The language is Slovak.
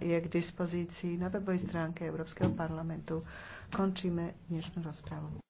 je k dispozícii na webovej stránke Európskeho parlamentu. Končíme dnešnú rozpravu.